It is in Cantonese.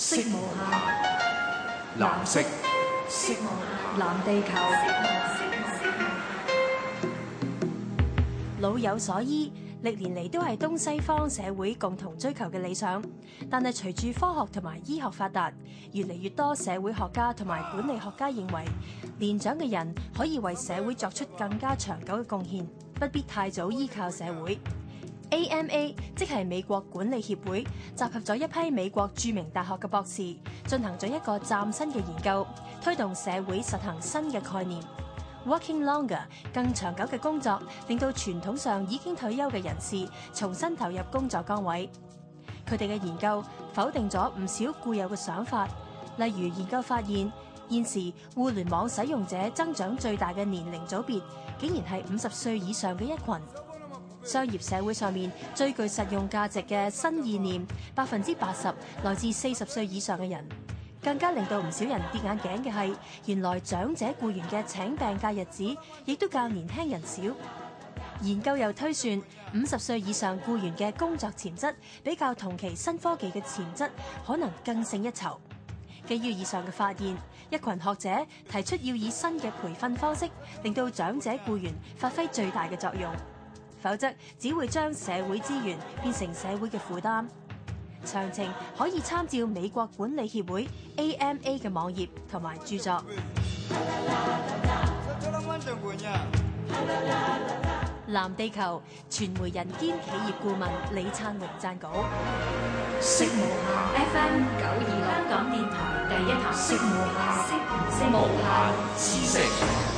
色無暇，藍色。下藍色無藍地球下下。老有所依，歷年嚟都係東西方社會共同追求嘅理想。但係隨住科學同埋醫學發達，越嚟越多社會學家同埋管理學家認為，年長嘅人可以為社會作出更加長久嘅貢獻，不必太早依靠社會。A.M.A. 即係美國管理協會，集合咗一批美國著名大學嘅博士，進行咗一個嶄新嘅研究，推動社會實行新嘅概念。Working longer，更長久嘅工作，令到傳統上已經退休嘅人士重新投入工作崗位。佢哋嘅研究否定咗唔少固有嘅想法，例如研究發現，現時互聯網使用者增長最大嘅年齡組別，竟然係五十歲以上嘅一群。商業社會上面最具實用價值嘅新意念，百分之八十來自四十歲以上嘅人。更加令到唔少人跌眼鏡嘅係，原來長者僱員嘅請病假日子，亦都較年輕人少。研究又推算，五十歲以上僱員嘅工作潛質，比較同期新科技嘅潛質，可能更勝一籌。基於以上嘅發現，一群學者提出要以新嘅培訓方式，令到長者僱員發揮最大嘅作用。否則，只會將社會資源變成社會嘅負擔。詳情可以參照美國管理協會 （AMA） 嘅網頁同埋著作。藍地球傳媒人兼企業顧問李燦榮撰稿無。FM 九二香港電台第一台。